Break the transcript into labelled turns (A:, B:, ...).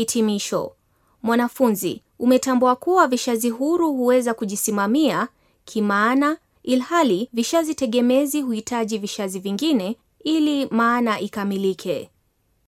A: Hitimisho: mwanafunzi, umetambua kuwa vishazi huru huweza kujisimamia kimaana, ilhali vishazi tegemezi huhitaji vishazi vingine ili maana ikamilike.